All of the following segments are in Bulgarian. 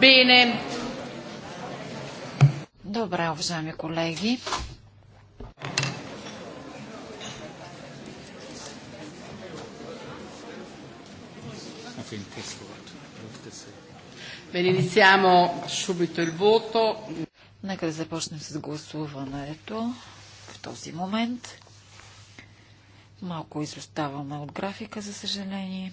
Bene. Добре, уважаеми колеги. subito il voto. Нека да започнем с гласуването в този момент. Малко изоставаме от графика, за съжаление.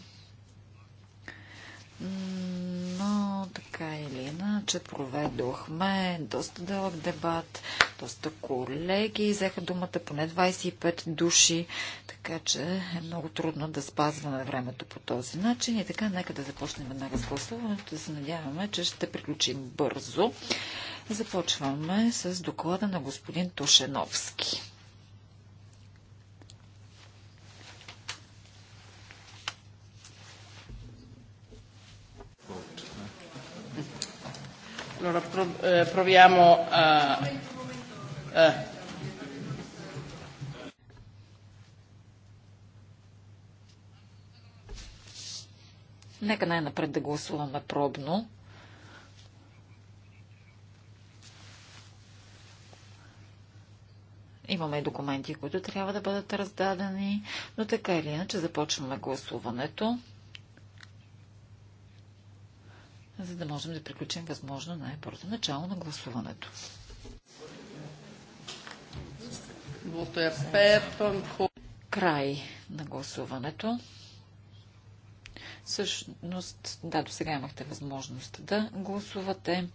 Но така или иначе, проведохме доста дълъг дебат, доста колеги взеха думата, поне 25 души, така че е много трудно да спазваме времето по този начин. И така, нека да започнем веднага с гласуването, да се надяваме, че ще приключим бързо. Започваме с доклада на господин Тушеновски. Allora pro- eh, proviamo a... Eh. Нека най-напред да гласуваме пробно. Имаме и документи, които трябва да бъдат раздадени, но така или иначе започваме гласуването. за да можем да приключим възможно най-бързо начало на гласуването. Край на гласуването. Всъщност, да, до сега имахте възможност да гласувате.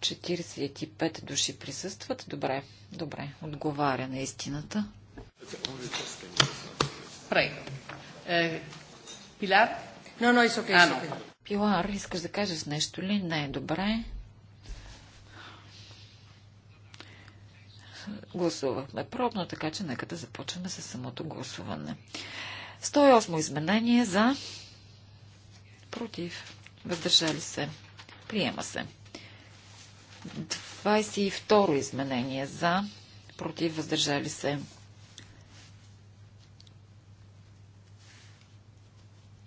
45 души присъстват. Добре, добре, отговаря на истината. Прей. Е, Пилар? No, no, it's Пилар, искаш да кажеш нещо ли? Не, е добре. Гласувахме пробно, така че нека да започнем с самото гласуване. 108 изменение за против. Въздържали се. Приема се. 22 изменение за против. Въздържали се.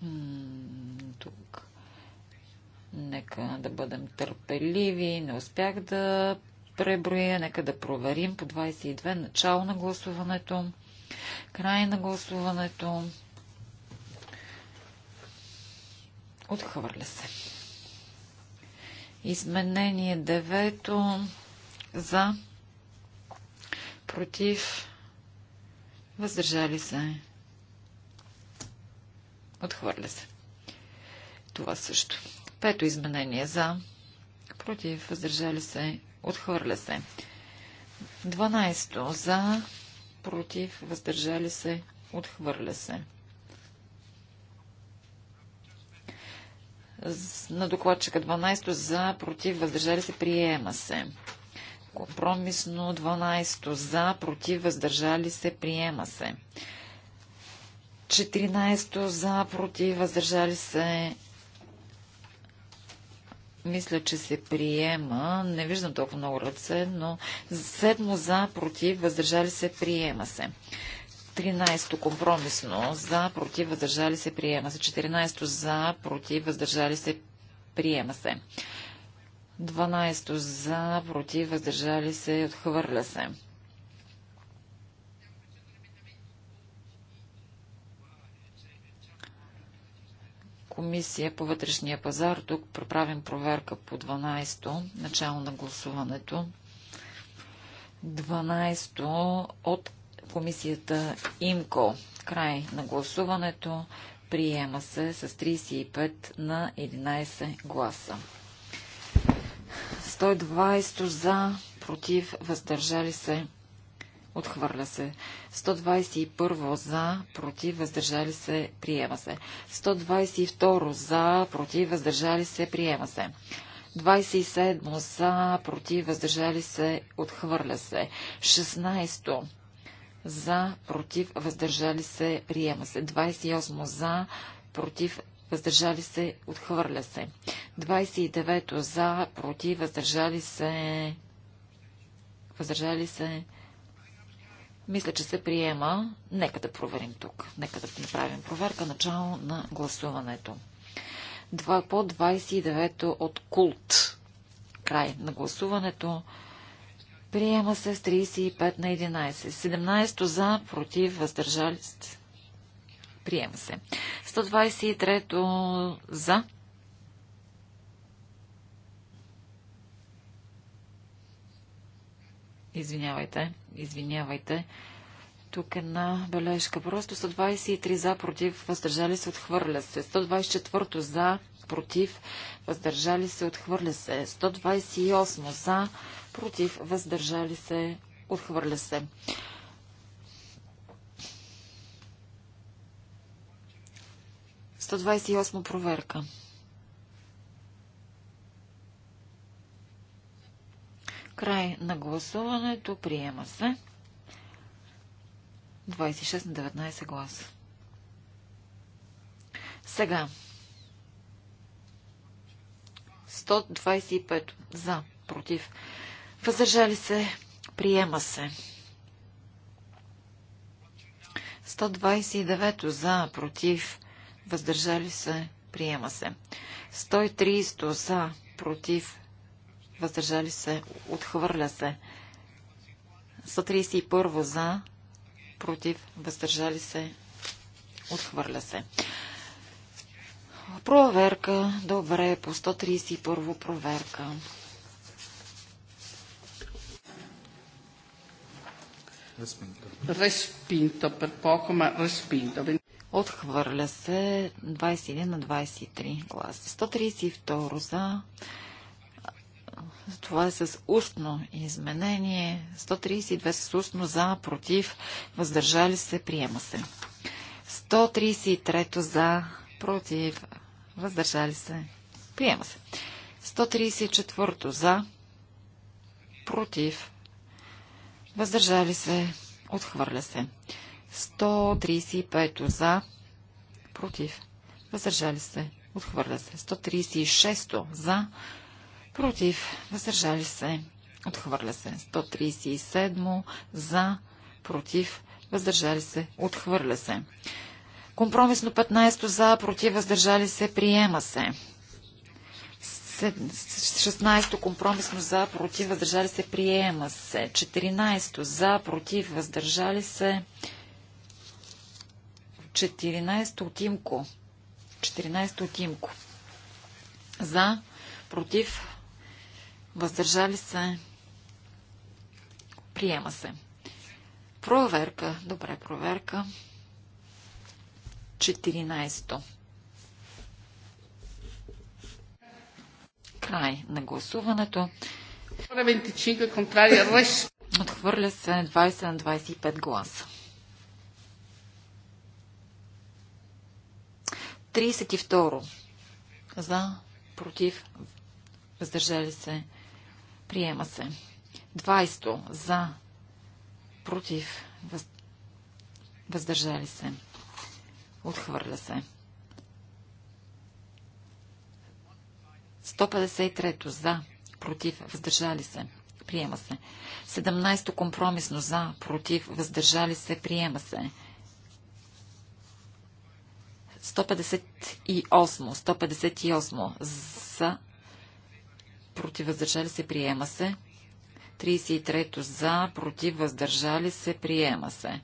М- Нека да бъдем търпеливи. Не успях да преброя. Нека да проверим по 22 начало на гласуването, край на гласуването. Отхвърля се. Изменение 9 за против въздържали се. Отхвърля се. Това също. Пето изменение за, против, въздържали се, отхвърля се. 12 за, против, въздържали се, отхвърля се. На докладчика 12 за, против, въздържали се, приема се. Компромисно 12 за, против, въздържали се, приема се. 14 за, против, въздържали се, мисля, че се приема. Не виждам толкова много ръце, но седмо за, против, въздържали се, приема се. 13-то компромисно за, против, въздържали се, приема се. 14-то за, против, въздържали се, приема се. 12-то за, против, въздържали се, отхвърля се. комисия по вътрешния пазар. Тук проправим проверка по 12-то, начало на гласуването. 12-то от комисията ИМКО. Край на гласуването. Приема се с 35 на 11 гласа. 120 за, против, въздържали се Отхвърля се. 121 за, против, въздържали се, приема се. 122 за, против, въздържали се, приема се. 27 за, против, въздържали се, отхвърля се. 16 за, против, въздържали се, приема се. 28 за, против, въздържали се, отхвърля се. 29 за, против, въздържали се, въздържали се, мисля, че се приема. Нека да проверим тук. Нека да направим проверка. Начало на гласуването. Два по 29 то от култ. Край на гласуването. Приема се с 35 на 11. 17 за, против, въздържали се. Приема се. 123 за, Извинявайте, извинявайте. Тук една бележка. Просто 123 за, против, въздържали се, отхвърля се. 124 за, против, въздържали се, отхвърля се. 128 за, против, въздържали се, отхвърля се. 128 проверка. Край на гласуването. Приема се. 26 на 19 глас. Сега. 125 за, против. Въздържали се. Приема се. 129 за, против. Въздържали се. Приема се. 130 за, против въздържали се, отхвърля се. 131 за, против, въздържали се, отхвърля се. Проверка, добре, по 131 проверка. Respinto Отхвърля се 21 на 23 гласа. 132 за, това е с устно изменение. 132 с устно за, против, въздържали се, приема се. 133 за, против, въздържали се, приема се. 134 за, против, въздържали се, отхвърля се. 135 за, против, въздържали се, отхвърля се. 136 за, против, против, въздържали се, отхвърля се. 137 за, против, въздържали се, отхвърля се. Компромисно 15 за, против, въздържали се, приема се. 16 компромисно за, против, въздържали се, приема се. 14 за, против, въздържали се. 14 от Имко. 14 от Имко. За, против, Въздържали се. Приема се. Проверка. Добре, проверка. 14. Край на гласуването. Отхвърля се 20 на 25 гласа. 32. За, против, въздържали се Приема се. 20 за. Против. Въз... Въздържали се. Отхвърля се. 153 за. Против. Въздържали се. Приема се. 17 компромисно за. Против. Въздържали се. Приема се. 158. 158 за против въздържали се, приема се. 33 за, против въздържали се, приема се.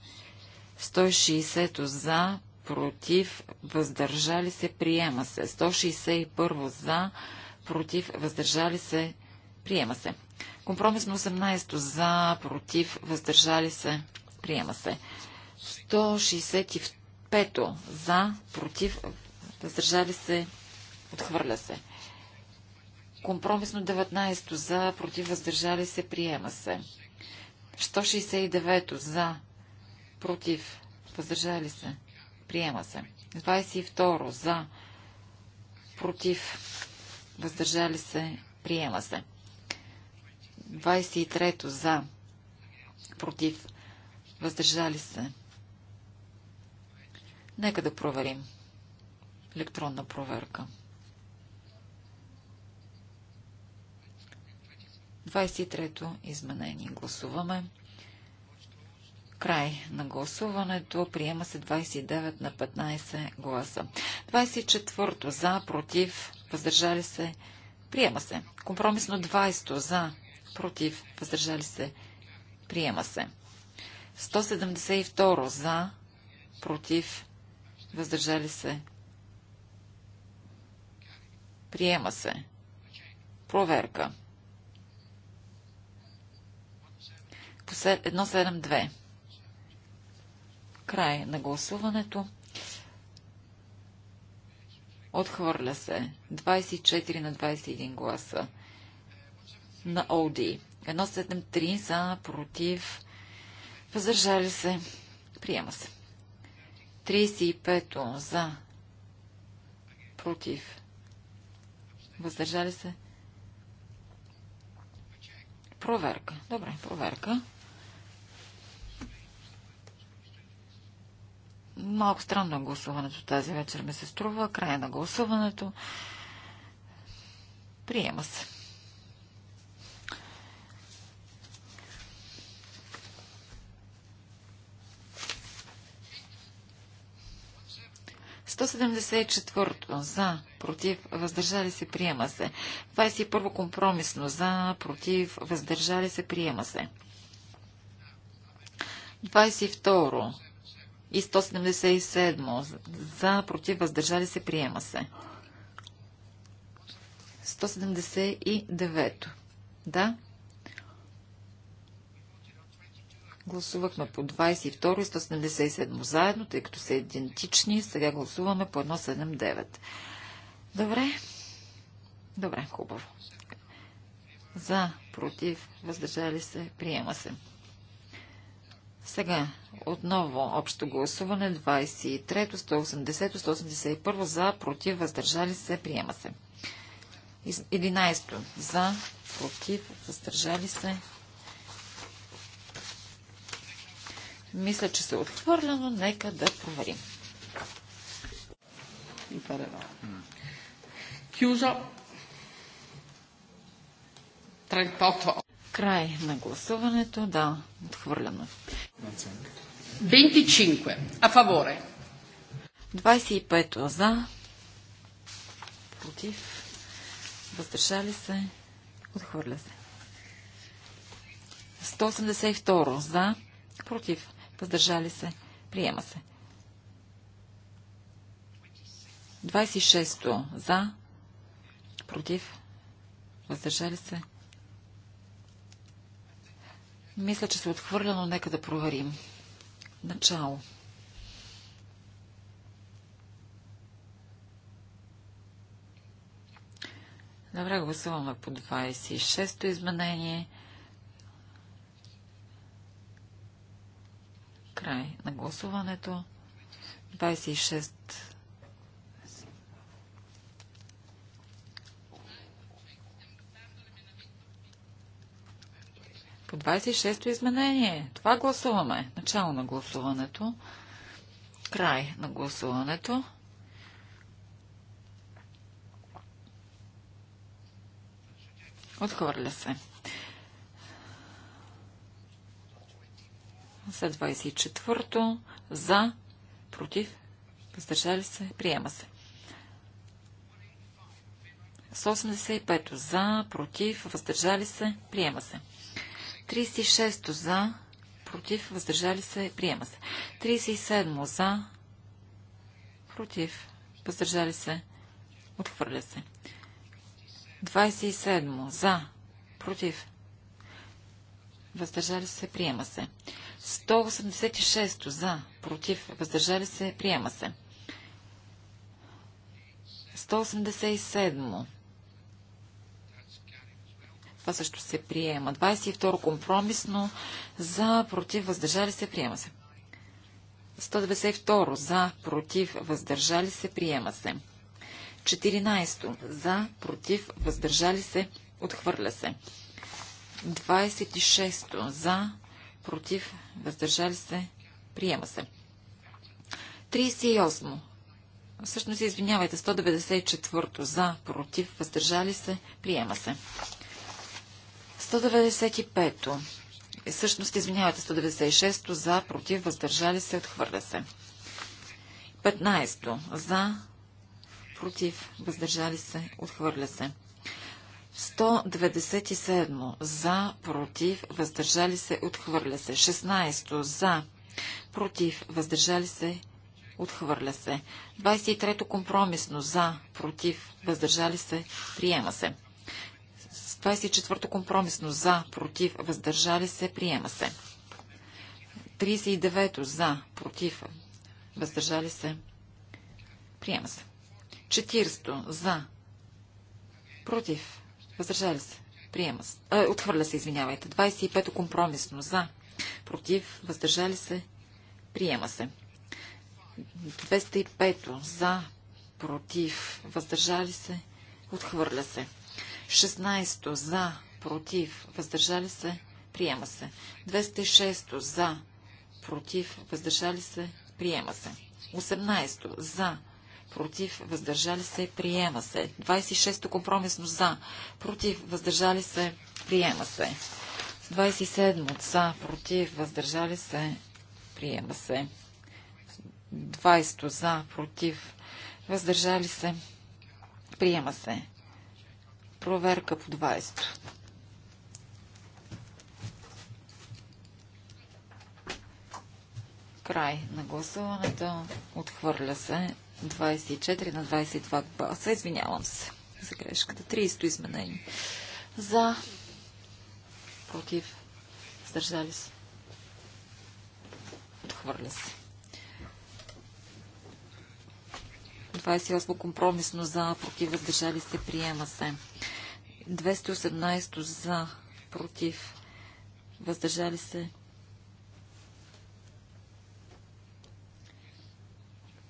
160 за, против въздържали се, приема се. 161 за, против въздържали се, приема се. Компромисно 18 за, против въздържали се, приема се. 165 за, против въздържали се, отхвърля се. Компромисно 19 за, против въздържали се, приема се. 169 за, против въздържали се, приема се. 22 за, против въздържали се, приема се. 23 за, против въздържали се. Нека да проверим. Електронна проверка. 23-то изменение. Гласуваме. Край на гласуването. Приема се 29 на 15 гласа. 24-то за, против, въздържали се. Приема се. Компромисно 20-то за, против, въздържали се. Приема се. 172 за, против, въздържали се. Приема се. Проверка. по 172. Край на гласуването. Отхвърля се 24 на 21 гласа на ОД. 173 за, против, въздържали се, приема се. 35 за, против, въздържали се. Проверка. Добре, проверка. Малко странно е гласуването тази вечер ми се струва. Края на гласуването. Приема се. Сто за, против, въздържали се, приема се. 21 компромисно за, против, въздържали се, приема се. 22 и 177 за, против, въздържали се, приема се. 179. Да. Гласувахме по 22 и 177 заедно, тъй като са идентични. Сега гласуваме по 179. Добре. Добре, хубаво. За, против, въздържали се, приема се. Сега, отново общо гласуване 23, 180, 181 за, против, въздържали се, приема се. 11 за, против, въздържали се. Мисля, че се е но Нека да проверим. И парева. Кюзо. 38. Край на гласуването. Да, отхвърляме. 25. А фаворе. 25 за. Против. Въздържали се. Отхвърля се. 182 за. Против. Въздържали се. Приема се. 26 за. Против. Въздържали се. Мисля, че се е отхвърля, но нека да проверим. Начало. Добре, гласуваме по 26-то изменение. Край на гласуването. 26 По 26-то изменение. Това гласуваме. Начало на гласуването. Край на гласуването. Отхвърля се. За 24-то. За. Против. Въздържали се. Приема се. 185 за, против, въздържали се, приема се. 36 за, против, въздържали се, приема се. 37 за, против, въздържали се, отхвърля се. 27 за, против, въздържали се, приема се. 186 за, против, въздържали се, приема се. 187 това също се приема. 22 компромисно за, против, въздържали се, приема се. 192 за, против, въздържали се, приема се. 14 за, против, въздържали се, отхвърля се. 26 за, против, въздържали се, приема се. 38. Всъщност, извинявайте, 194 за, против, въздържали се, приема се. 195-то. Е, всъщност, извинявате, 196-то за, против, въздържали се, отхвърля се. 15-то за, против, въздържали се, отхвърля се. 197 за, против, въздържали се, отхвърля се. 16 за, против, въздържали се, отхвърля се. 23 компромисно за, против, въздържали се, приема се. 24 компромисно за, против, въздържали се, приема се. 39 за, против, въздържали се, приема се. 40 за, против, въздържали се, приема се. Е, отхвърля се, извинявайте. 25 компромисно за, против, въздържали се, приема се. 205 за, против, въздържали се, отхвърля се. 16 за, против, въздържали се, приема се. 206 за, против, въздържали се, приема се. 18 за, против, въздържали се, приема се. 26 компромисно за, против, въздържали се, приема се. 27 за, против, въздържали се, приема се. 20 за, против, въздържали се, приема се. Проверка по 20. Край на гласуването. Отхвърля се 24 на 22 гласа. Извинявам се за грешката. 30 изменение. За. Против. Сдържали се. Отхвърля се. 28 компромисно за, против, въздържали се, приема се. 218 за, против, въздържали се.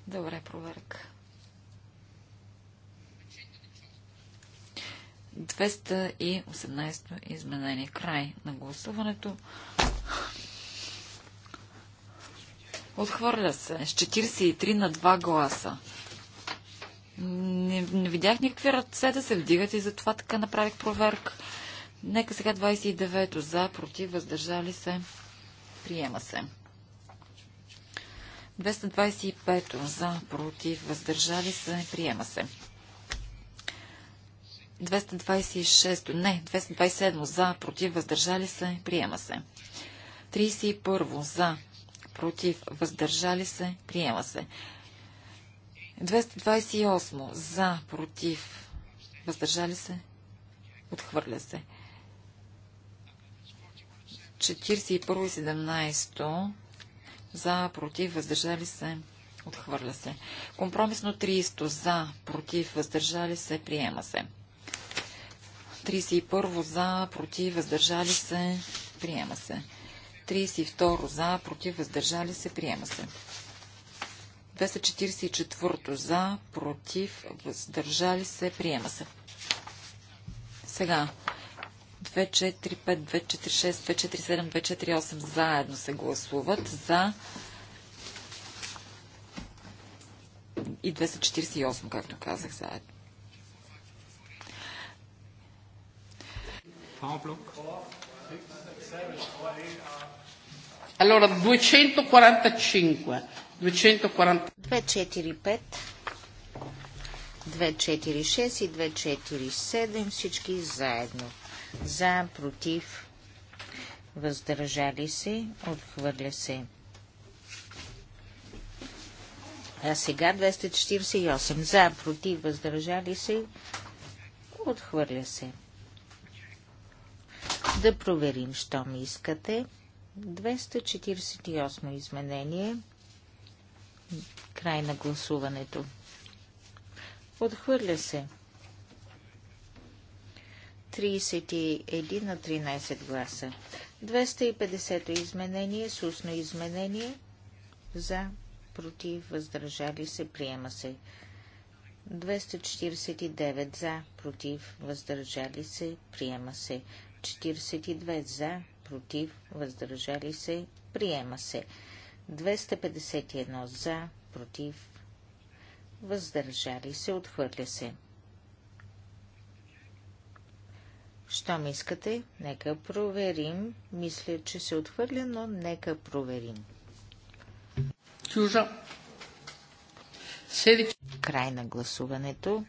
Добре, проверка. 218 изменение. Край на гласуването. Отхвърля се с 43 на 2 гласа. Не, не видях никакви ръце да се вдигат и затова така направих проверка. Нека сега 29-то за, против, въздържали се. Приема се. 225 за, против, въздържали се, приема се. 226, не, 227 за, против, въздържали се, приема се. 31 за, против, въздържали се, приема се. 228. За, против, въздържали се, отхвърля се. 41 и 17. За, против, въздържали се, отхвърля се. Компромисно 30. За, против, въздържали се, приема се. 31 за, против, въздържали се, приема се. 32 за, против, въздържали се, приема се. 244 за, против, въздържали се, приема се. Сега, 245, 246, 247, 248 заедно се гласуват за и 248, както казах, заедно. Allora, 245 245, 246 и 247 всички заедно. За, против, въздържали се, отхвърля се. А сега 248. За, против, въздържали се, отхвърля се. Да проверим, що ми искате. 248 изменение. 248. Край на гласуването. Отхвърля се. 31 на 13 гласа. 250-то изменение, устно изменение, за, против, въздържали се, приема се. 249 за, против, въздържали се, приема се. 42 за, против, въздържали се, приема се. 251 за, против, въздържали се, отхвърля се. Щом искате, нека проверим. Мисля, че се отхвърля, но нека проверим. Чужа. Седи. Край на гласуването.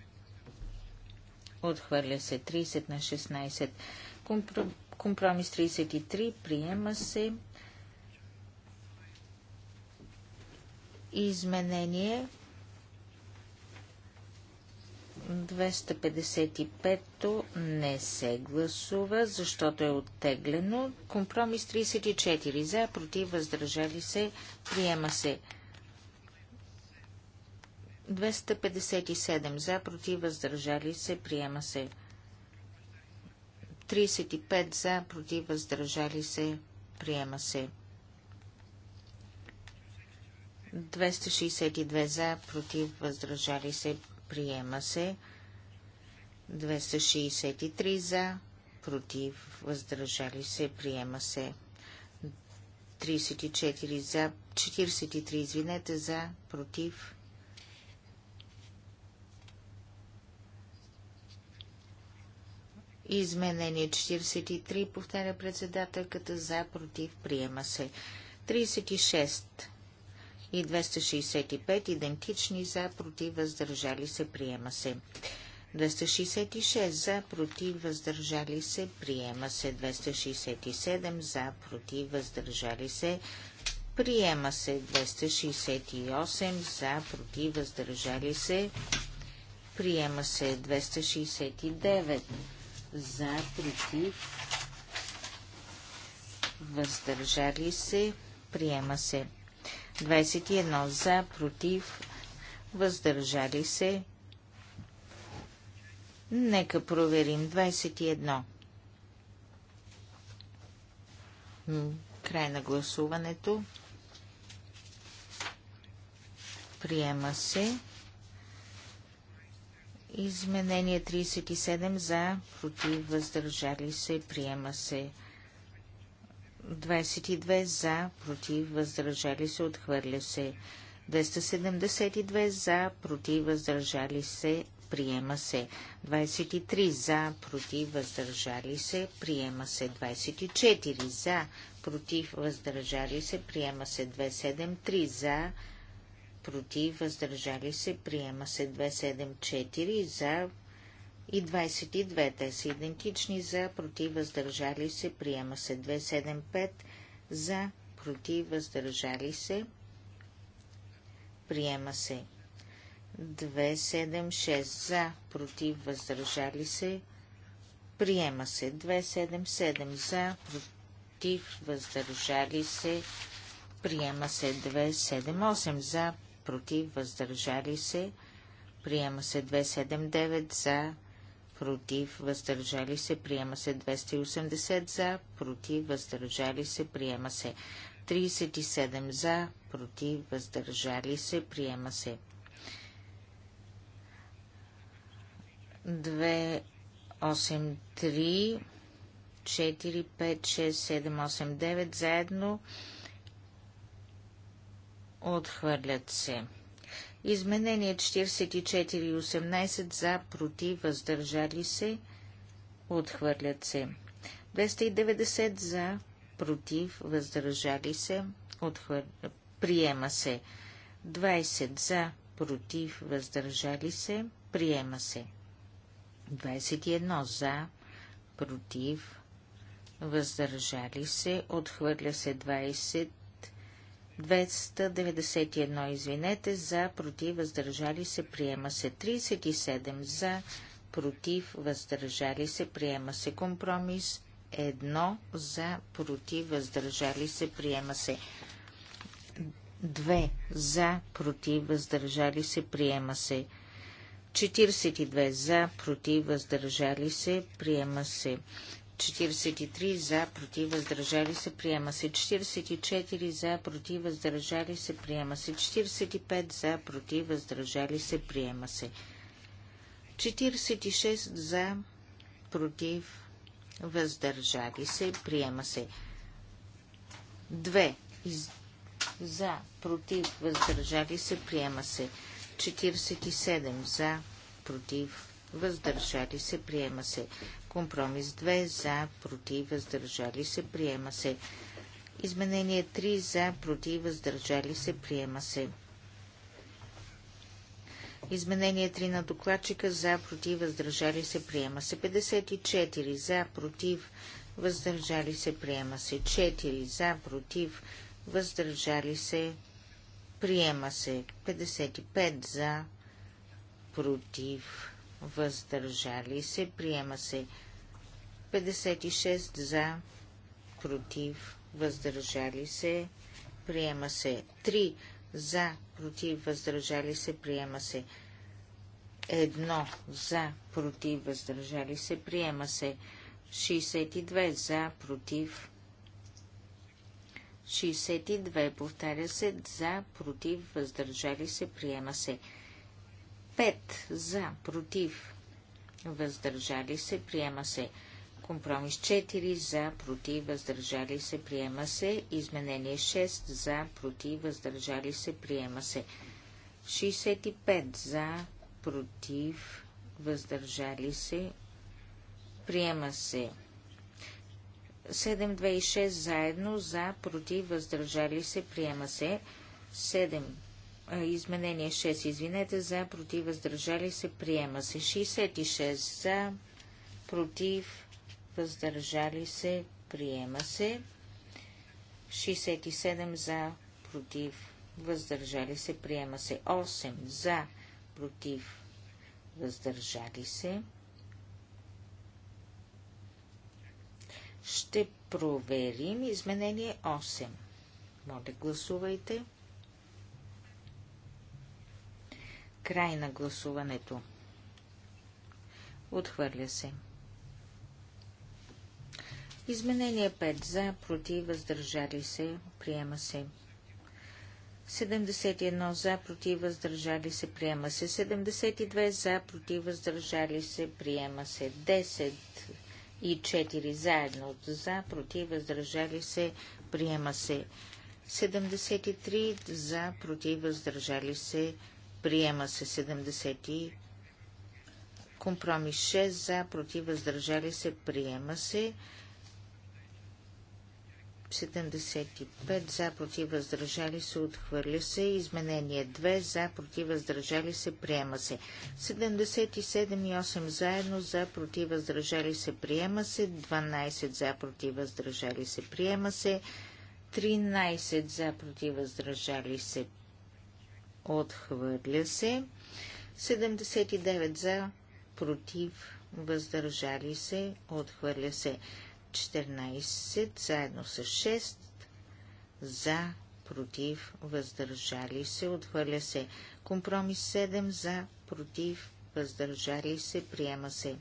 Отхвърля се 30 на 16. Компромис 33 приема се. изменение 255-то не се гласува, защото е оттеглено. Компромис 34 за, против, въздържали се, приема се. 257 за, против, въздържали се, приема се. 35 за, против, въздържали се, приема се. 262 за, против, въздържали се, приема се. 263 за, против, въздържали се, приема се. 34 за, 43 извинете за, против. Изменение 43, повтаря председателката, за, против, приема се. 36 и 265 идентични за, против, въздържали се, приема се. 266 за, против, въздържали се, приема се. 267 за, против, въздържали се, приема се. 268 за, против, въздържали се, приема се. 269 за, против, въздържали се, приема се. 21 за, против, въздържали се. Нека проверим 21. Край на гласуването. Приема се. Изменение 37 за, против, въздържали се. Приема се. 22 за, против, въздържали се, отхвърля се. 272 за, против, въздържали се, приема се. 23 за, против, въздържали се, приема се. 24 за, против, въздържали се, приема се. 273 за, против, въздържали се, приема се. 274 за, и 22. Те са идентични за, против, въздържали се, приема се 275 за, против, въздържали се, приема се 276 за, против, въздържали се, приема се 277 за, против, въздържали се, приема се 278 за, против, въздържали се, приема се 279 за, против, въздържали се, приема се 280 за, против, въздържали се, приема се 37 за, против, въздържали се, приема се 2, 8, 3, 4, 5, 6, 7, 8, 9 заедно отхвърлят се. Изменение 44.18 за, против, въздържали се, отхвърлят се. 290 за, против, въздържали се, отхвър... приема се. 20 за, против, въздържали се, приема се. 21 за, против, въздържали се, отхвърля се 20 291, извинете, за, против, въздържали се, приема се. 37 за, против, въздържали се, приема се. Компромис 1 за, против, въздържали се, приема се. 2 за, против, въздържали се, приема се. 42 за, против, въздържали се, приема се. 43 за, против, въздържали се, приема се. 44 за, против, въздържали се, приема се. 45 за, против, въздържали се, приема се. 46 за, против, въздържали се, приема се. 2 за, против, въздържали се, приема се. 47 за, против, въздържали се, приема се. Компромис 2 за, против, въздържали се, приема се. Изменение 3 за, против, въздържали се, приема се. Изменение 3 на докладчика за, против, въздържали се, приема се. 54 за, против, въздържали се, приема се. 4 за, против, въздържали се, приема се. 55 за, против, въздържали се, приема се. 56 за, против, въздържали се, приема се. 3 за, против, въздържали се, приема се. 1 за, против, въздържали се, приема се. 62 за, против, 62 повтаря се, за, против, въздържали се, приема се. 5 за, против, въздържали се, приема се. Компромис 4 за, против, въздържали се, приема се. Изменение 6 за, против, въздържали се, приема се. 65 за, против, въздържали се, приема се. 726 заедно за, против, въздържали се, приема се. 7. Изменение 6, извинете, за, против, въздържали се, приема се. 66 за, против, въздържали се, приема се. 67 за, против, въздържали се, приема се. 8 за, против, въздържали се. Ще проверим изменение 8. Моля, гласувайте. Край на гласуването. Отхвърля се. Изменение 5 за, против, въздържали се, приема се. 71 за, против, въздържали се, приема се. 72 за, против, въздържали се, приема се. 10 и 4 заедно за, против, въздържали се, приема се. 73 за, против, въздържали се, приема се. 70 компромис 6 за, против, въздържали се, приема се. 75 за против въздържали се отхвърля се. Изменение 2 за против въздържали се приема се. 77 и 8 заедно за против въздържали се приема се. 12 за против въздържали се приема се. 13 за против въздържали се отхвърля се. 79 за против въздържали се отхвърля се. 14 заедно с 6 за, против, въздържали се, отхвърля се. Компромис 7 за, против, въздържали се, приема се.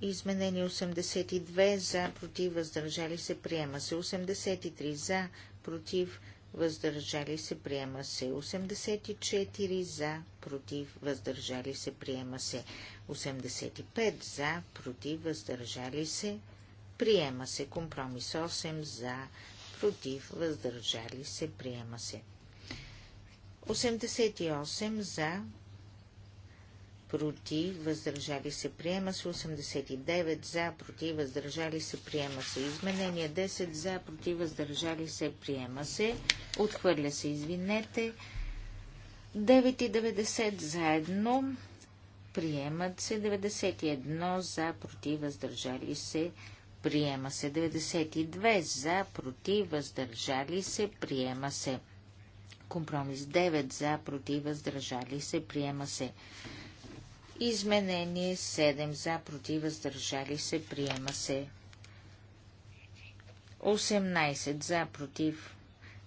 Изменение 82 за, против, въздържали се, приема се. 83 за, против, въздържали се, приема се. 84 за, против, въздържали се, приема се. 85 за, против, въздържали се, Приема се. Компромис 8 за. Против. Въздържали се. Приема се. 88 за. Против. Въздържали се. Приема се. 89 за. Против. Въздържали се. Приема се. Изменение 10 за. Против. Въздържали се. Приема се. Отхвърля се. Извинете. 9,90 заедно. Приемат се 91 за, против, въздържали се. Приема се 92 за, против, въздържали се, приема се. Компромис 9 за, против, въздържали се, приема се. Изменение 7 за, против, въздържали се, приема се. 18 за, против,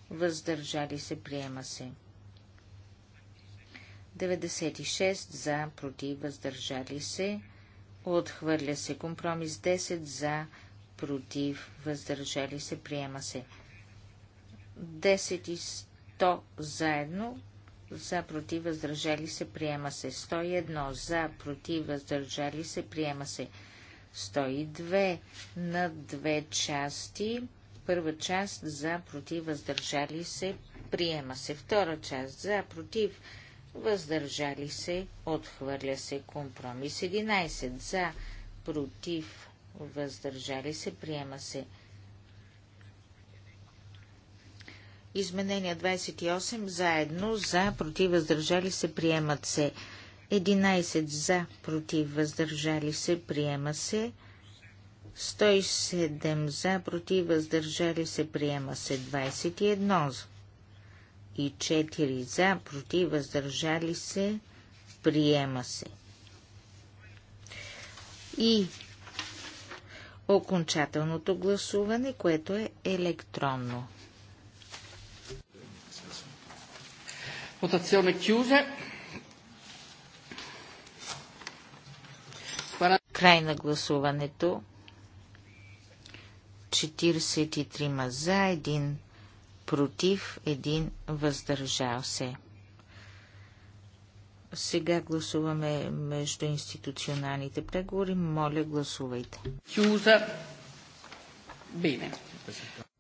въздържали се, приема се. 96 за, против, въздържали се, отхвърля се. Компромис 10 за, против, против, въздържали се, приема се. 10 и 100 заедно, за, против, въздържали се, приема се. 101 за, против, въздържали се, приема се. 102 на две части. Първа част за, против, въздържали се, приема се. Втора част за, против, въздържали се, отхвърля се. Компромис 11 за, против, въздържали се, приема се. Изменения 28 заедно за, против, въздържали се, приемат се. 11 за, против, въздържали се, приема се. 107 за, против, въздържали се, приема се. 21 и 4 за, против, въздържали се, приема се. И окончателното гласуване, което е електронно. Votazione chiusa. Край на гласуването. 43 за, 1 против, 1 въздържал се. Сега гласуваме между институционалните преговори. Моля, гласувайте. Чуза. Бине.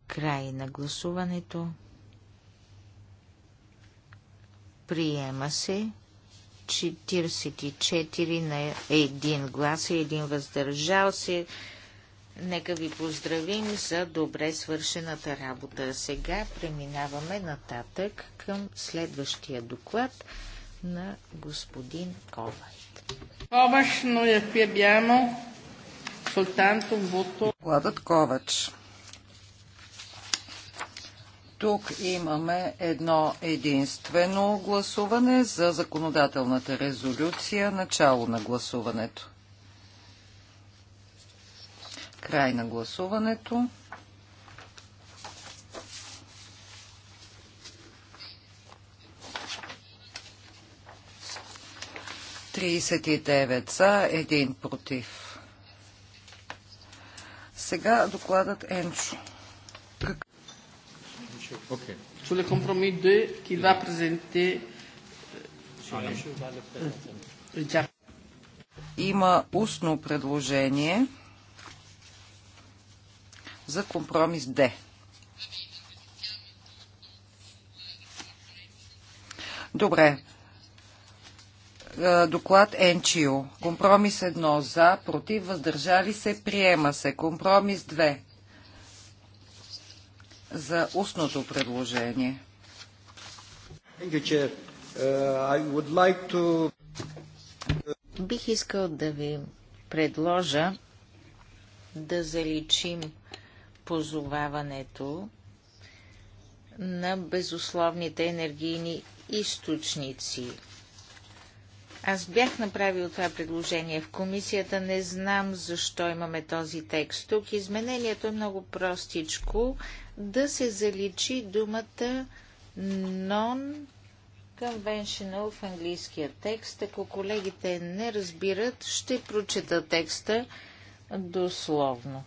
Край на гласуването. Приема се 44 на един глас и един въздържал се. Нека ви поздравим за добре свършената работа. Сега преминаваме нататък към следващия доклад – на господин Ковайт. Ковач, но я abbiamo Султанто un voto. Ковач. Тук имаме едно единствено гласуване за законодателната резолюция, начало на гласуването. Край на гласуването. 39 за, 1 против. Сега докладът Енчо. compromis 2, va euh, Има устно предложение за компромис Д. Добре, е, доклад НЧО. Компромис 1 за, против, въздържали се, приема се. Компромис 2 за устното предложение. Uh, Бих искал да ви предложа да заличим позоваването на безусловните енергийни източници аз бях направил това предложение в комисията, не знам защо имаме този текст. Тук изменението е много простичко. Да се заличи думата non conventional в английския текст. Ако колегите не разбират, ще прочета текста дословно.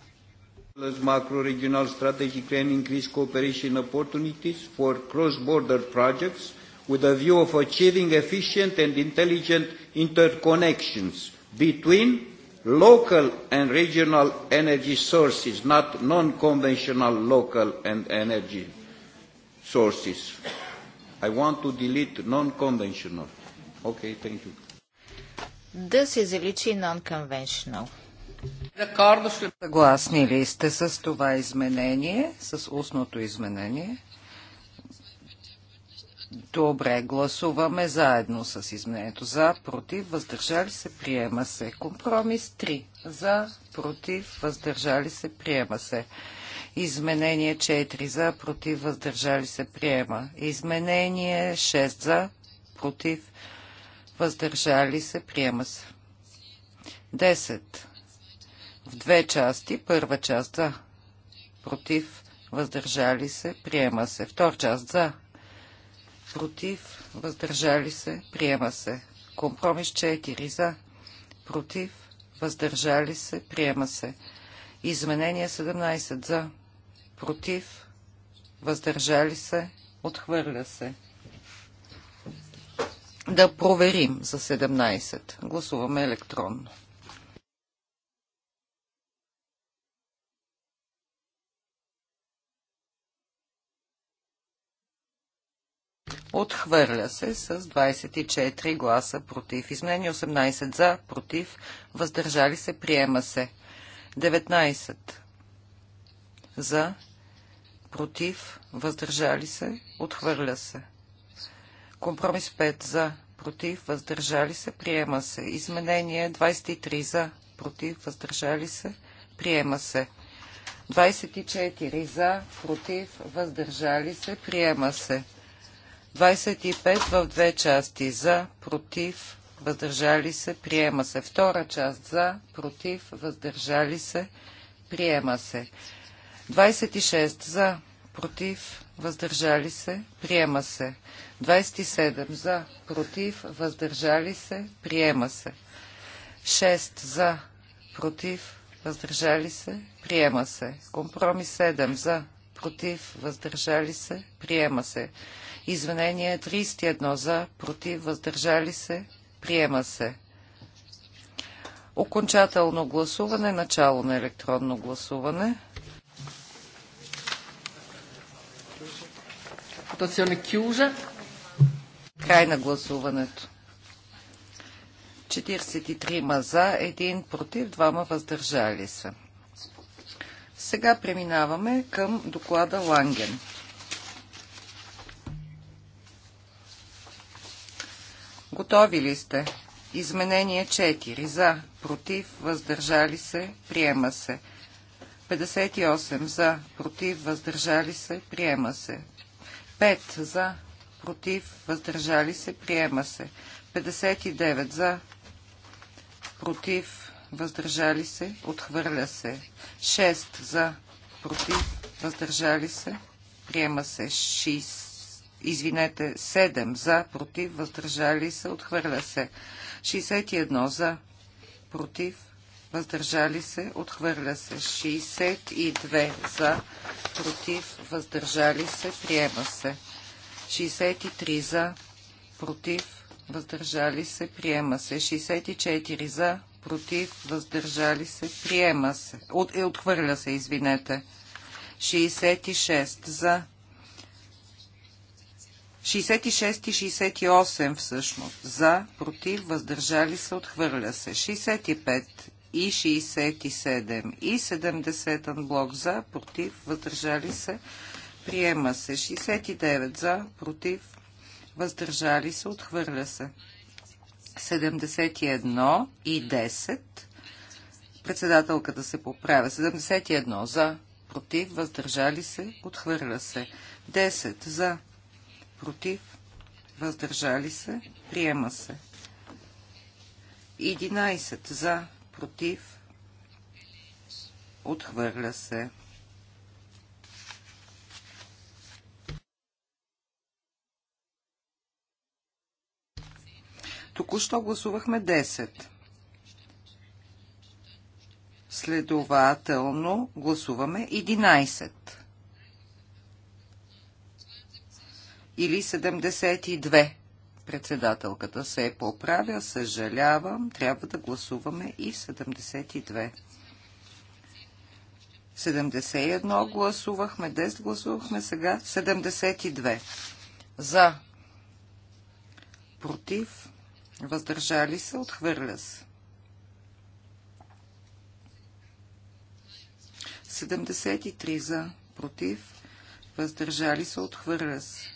Macro-regional strategic planning risk cooperation opportunities for cross-border projects – with a view of achieving efficient and intelligent interconnections between local and regional energy sources, not non-conventional local and energy sources. I want to delete non-conventional. Okay, thank you. This is a little non-conventional. Съгласни ли сте с това изменение, с устното изменение? Добре, гласуваме заедно с изменението. За, против, въздържали се, приема се. Компромис 3. За, против, въздържали се, приема се. Изменение 4. За, против, въздържали се, приема. Изменение 6. За, против, въздържали се, приема се. 10. В две части. Първа част за, против, въздържали се, приема се. Втор част за, против, въздържали се, приема се. Компромис 4 за, против, въздържали се, приема се. Изменение 17 за, против, въздържали се, отхвърля се. Да проверим за 17. Гласуваме електронно. Отхвърля се с 24 гласа против. Изменение 18 за, против, въздържали се, приема се. 19 за, против, въздържали се, отхвърля се. Компромис 5 за, против, въздържали се, приема се. Изменение 23 за, против, въздържали се, приема се. 24 за, против, въздържали се, приема се. 25 в две части. За, против, въздържали се, приема се. Втора част. За, против, въздържали се, приема се. 26 за, против, въздържали се, приема се. 27 за, против, въздържали се, приема се. 6 за, против, въздържали се, приема се. Компромис 7 за, против, въздържали се, приема се. Извинение 31 за, против, въздържали се, приема се. Окончателно гласуване, начало на електронно гласуване. Край на гласуването. 43 ма за, 1 против, 2 ма въздържали се. Сега преминаваме към доклада Ланген. Готови ли сте? Изменение 4. За. Против. Въздържали се. Приема се. 58. За. Против. Въздържали се. Приема се. 5. За. Против. Въздържали се. Приема се. 59. За. Против. Въздържали се. Отхвърля се. 6. За. Против. Въздържали се. Приема се. 6 извинете, 7 за, против, въздържали се, отхвърля се. 61 за, против, въздържали се, отхвърля се. 62 за, против, въздържали се, приема се. 63 за, против, въздържали се, приема се. 64 за, против, въздържали се, приема се. От, е, отхвърля се, извинете. 66 за, 66 и 68 всъщност. За, против, въздържали се, отхвърля се. 65 и 67 и 70 блок за, против, въздържали се, приема се. 69 за, против, въздържали се, отхвърля се. 71 и 10. Председателката се поправя. 71 за, против, въздържали се, отхвърля се. 10 за, против, въздържали се, приема се. 11 за, против, отхвърля се. Току-що гласувахме 10. Следователно гласуваме 11. или 72. Председателката се е поправя, съжалявам, трябва да гласуваме и 72. 71 гласувахме, 10 гласувахме, сега 72. За, против, въздържали се, отхвърля се. 73 за, против, въздържали се, отхвърля се.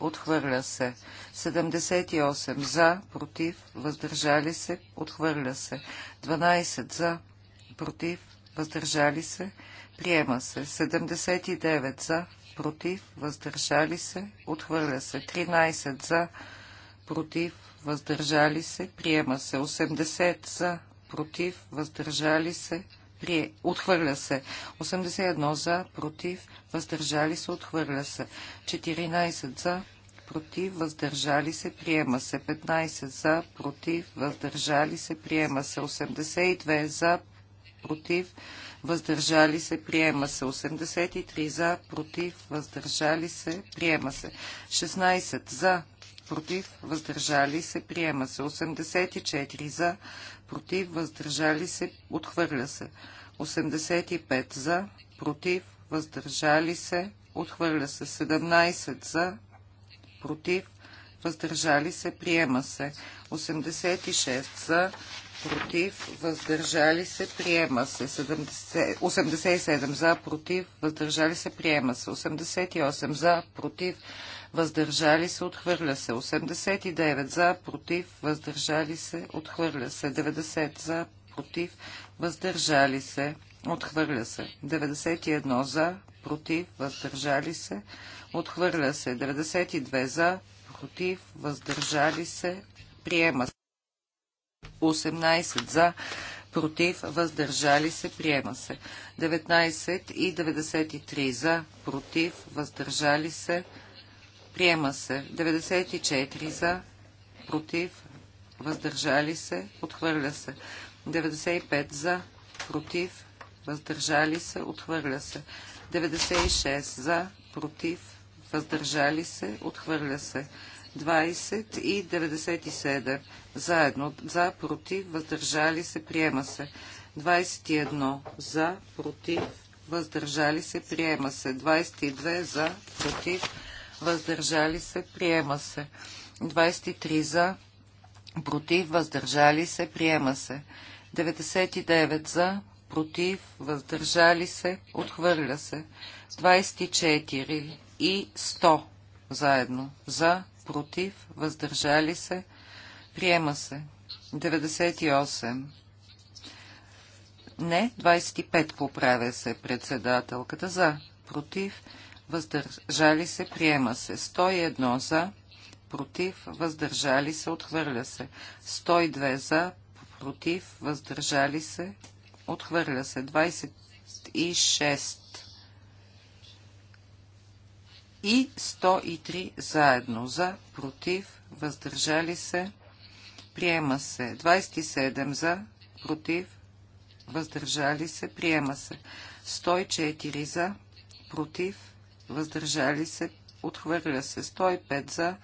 отхвърля се. 78 за, против, въздържали се, отхвърля се. 12 за, против, въздържали се, приема се. 79 за, против, въздържали се, отхвърля се. 13 за, против, въздържали се, приема се. 80 за, против, въздържали се, Прие, отхвърля се. 81 за, против, въздържали се, отхвърля се. 14 за, против, въздържали се, приема се. 15 за, против, въздържали се, приема се. 82 за, против, въздържали се, приема се. 83 за, против, въздържали се, приема се. 16 за, против, въздържали се, приема се. 84 за, против, въздържали се, отхвърля се. 85 за, против, въздържали се, отхвърля се. 17 за, против, въздържали се, приема се. 86 за, против, въздържали се, приема се. 87 за, против, въздържали се, приема се. 88 за, против, въздържали се, отхвърля се. 89 за, против, въздържали се, отхвърля се. 90 за, против, въздържали се, отхвърля се. 91 за, против, въздържали се, отхвърля се. 92 за, против, въздържали се, приема се. 18 за, против, въздържали се, приема се. 19 и 93 за, против, въздържали се, се Приема се 94 за, против, въздържали се, отхвърля се. 95 за, против, въздържали се, отхвърля се. 96 за, против, въздържали се, отхвърля се. 20 и 97 заедно за, против, въздържали се, приема се. 21 за, против, въздържали се, приема се. 22 за, против, въздържали се, приема се. 23 за, против, въздържали се, приема се. 99 за, против, въздържали се, отхвърля се. 24 и 100 заедно. За, против, въздържали се, приема се. 98. Не, 25 поправя се председателката. За, против, въздържали се въздържали се, приема се. 101 за, против, въздържали се, отхвърля се. 102 за, против, въздържали се, отхвърля се. 26 и 103 заедно за, против, въздържали се, приема се. 27 за, против, въздържали се, приема се. 104 за, против, въздържали се, отхвърля се 105 за,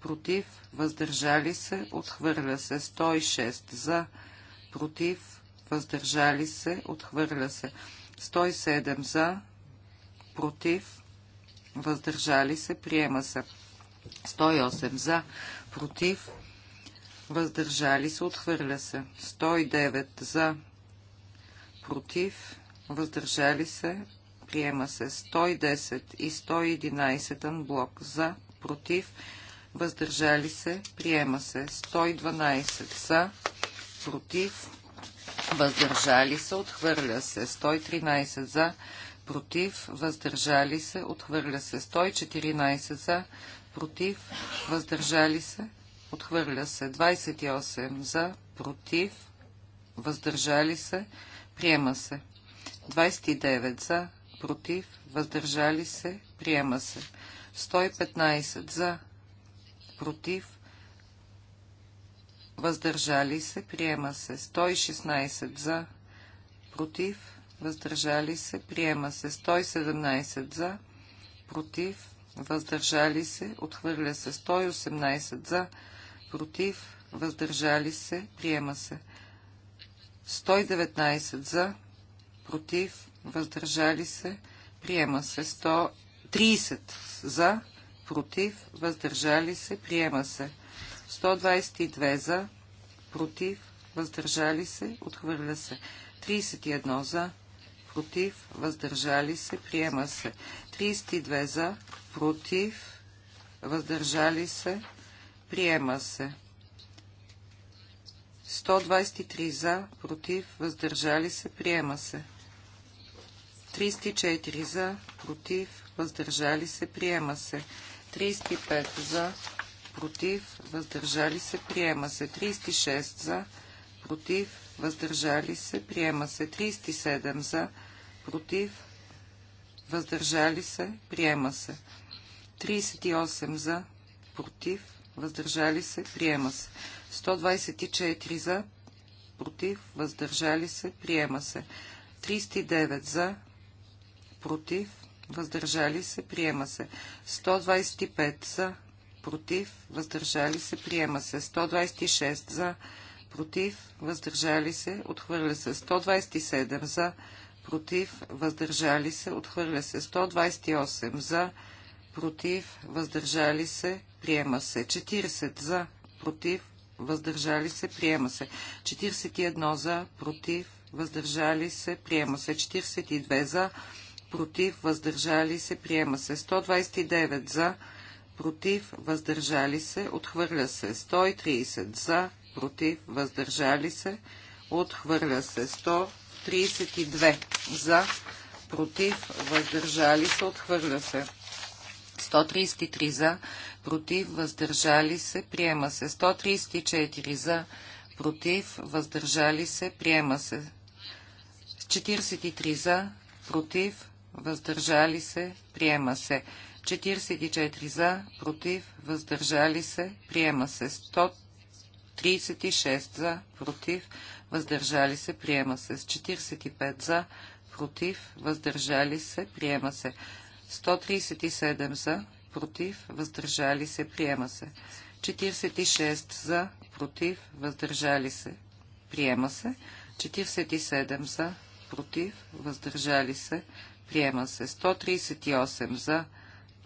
против, въздържали се, отхвърля се 106 за, против, въздържали се, отхвърля се 107 за, против, въздържали се, приема се 108 за, против, въздържали се, отхвърля се 109 за, против, въздържали се, Приема се 110 и 111 блок за, против, въздържали се. Приема се 112 за, против, въздържали се. Отхвърля се 113 за, против, въздържали се. Отхвърля се 114 за, против, въздържали се. Отхвърля се 28 за, против, въздържали се. Приема се. 29 за, против, въздържали се, приема се. 115 за, против, въздържали се, приема се. 116 за, против, въздържали се, приема се. 117 за, против, въздържали се, отхвърля се. 118 за, против, въздържали се, приема се. 119 за, против, въздържали се, приема се 130 за, против, въздържали се, приема се 122 за, против, въздържали се, отхвърля се 31 за, против, въздържали се, приема се 32 за, против, въздържали се, приема се 123 за, против, въздържали се, приема се 34 за, против, въздържали се, приема се. 35 за, против, въздържали се, приема се. 36 за, против, въздържали се, приема се. 37 за, против, въздържали се, приема се. 38 за, против, въздържали се, приема се. 124 за, против, въздържали се, приема се. 39 за, против, въздържали се, приема се. 125 за, против, въздържали се, приема се. 126 за, против, въздържали се, отхвърля се. 127 за, против, въздържали се, отхвърля се. 128 за, против, въздържали се, приема се. 40 за, против, въздържали се, приема се. 41 за, против, въздържали се, приема се. 42 за, против, против, въздържали се, приема се. 129 за, против, въздържали се, отхвърля се. 130 за, против, въздържали се, отхвърля се. 132 за, против, въздържали се, отхвърля се. 133 за, против, въздържали се, приема се. 134 за, против, въздържали се, приема се. 43 за, против, въздържали се, приема се. 44 за, против, въздържали се, приема се. 136 за, против, въздържали се, приема се. 45 за, против, въздържали се, приема се. 137 за, против, въздържали се, приема се. 46 за, против, въздържали се, приема се. 47 за, против, въздържали се, Приема се 138 за,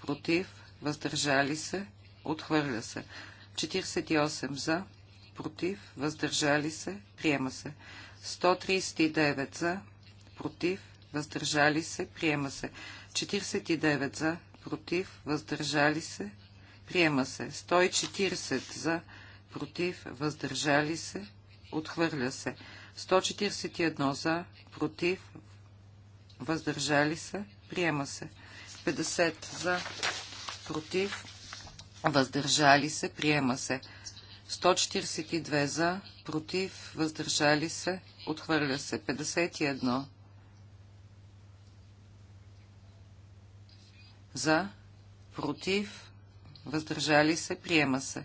против, въздържали се, отхвърля се. 48 за, против, въздържали се, приема се. 139 за, против, въздържали се, приема се. 49 за, против, въздържали се, приема се. 140 за, против, въздържали се, отхвърля се. 141 за, против, въздържали се, приема се. 50 за, против, въздържали се, приема се. 142 за, против, въздържали се, отхвърля се. 51 за, против, въздържали се, приема се.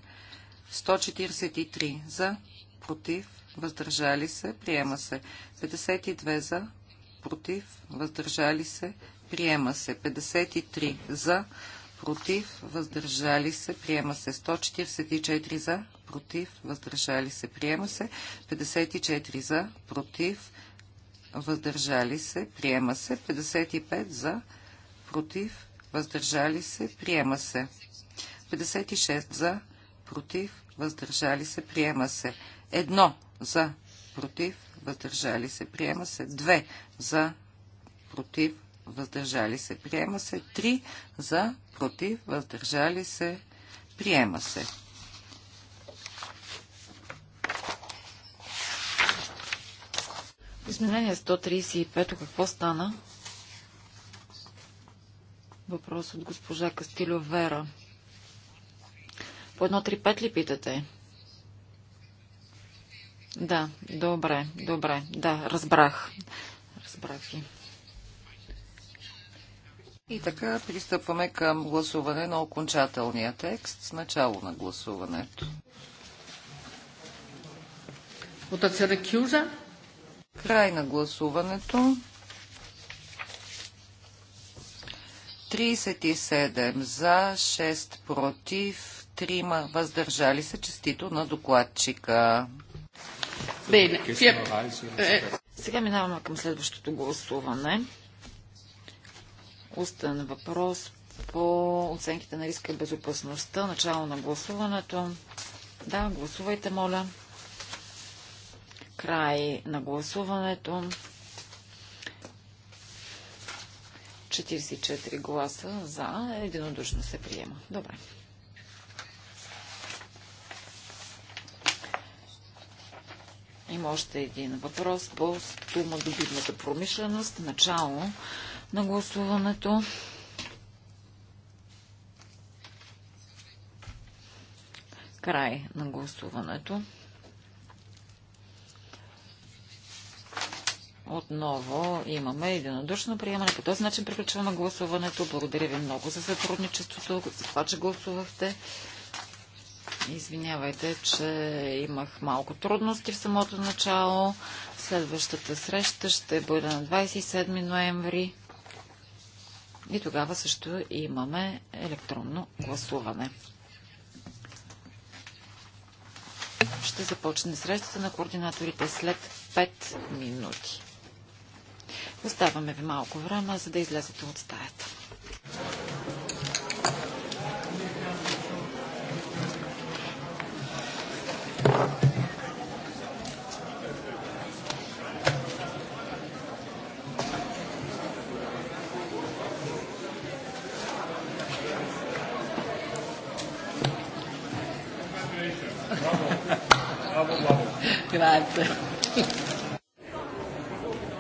143 за, против, въздържали се, приема се. 52 за, против, въздържали се, приема се. 53 за, против, въздържали се, приема се. 144 за, против, въздържали се, приема се. 54 за, против, въздържали се, приема се. 55 за, против, въздържали се, приема се. 56 за, против, въздържали се, приема се. Едно за, против, въздържали се, приема се. 2 за, против, въздържали се, приема се. 3 за, против, въздържали се, приема се. Изменение 135 какво стана? Въпрос от госпожа Кастилио Вера. По едно три пет ли питате? Да, добре, добре. Да, разбрах. Разбрах ви. И така пристъпваме към гласуване на окончателния текст с начало на гласуването. Отъцеда Кюза. Край на гласуването. 37 за, 6 против, 3 въздържали се. Честито на докладчика. Бейне. Eh. Сега минаваме към следващото гласуване. Устен въпрос по оценките на риска и безопасността. Начало на гласуването. Да, гласувайте, моля. Край на гласуването. 44 гласа за. Единодушно се приема. Добре. Има още един въпрос по стомадобивната промишленост. Начало на гласуването. Край на гласуването. Отново имаме единодушно приемане. По този начин приключваме гласуването. Благодаря ви много за сътрудничеството, за това, че гласувахте. Извинявайте, че имах малко трудности в самото начало. Следващата среща ще бъде на 27 ноември. И тогава също имаме електронно гласуване. Ще започне срещата на координаторите след 5 минути. Оставаме ви малко време, за да излезете от стаята. Grazie.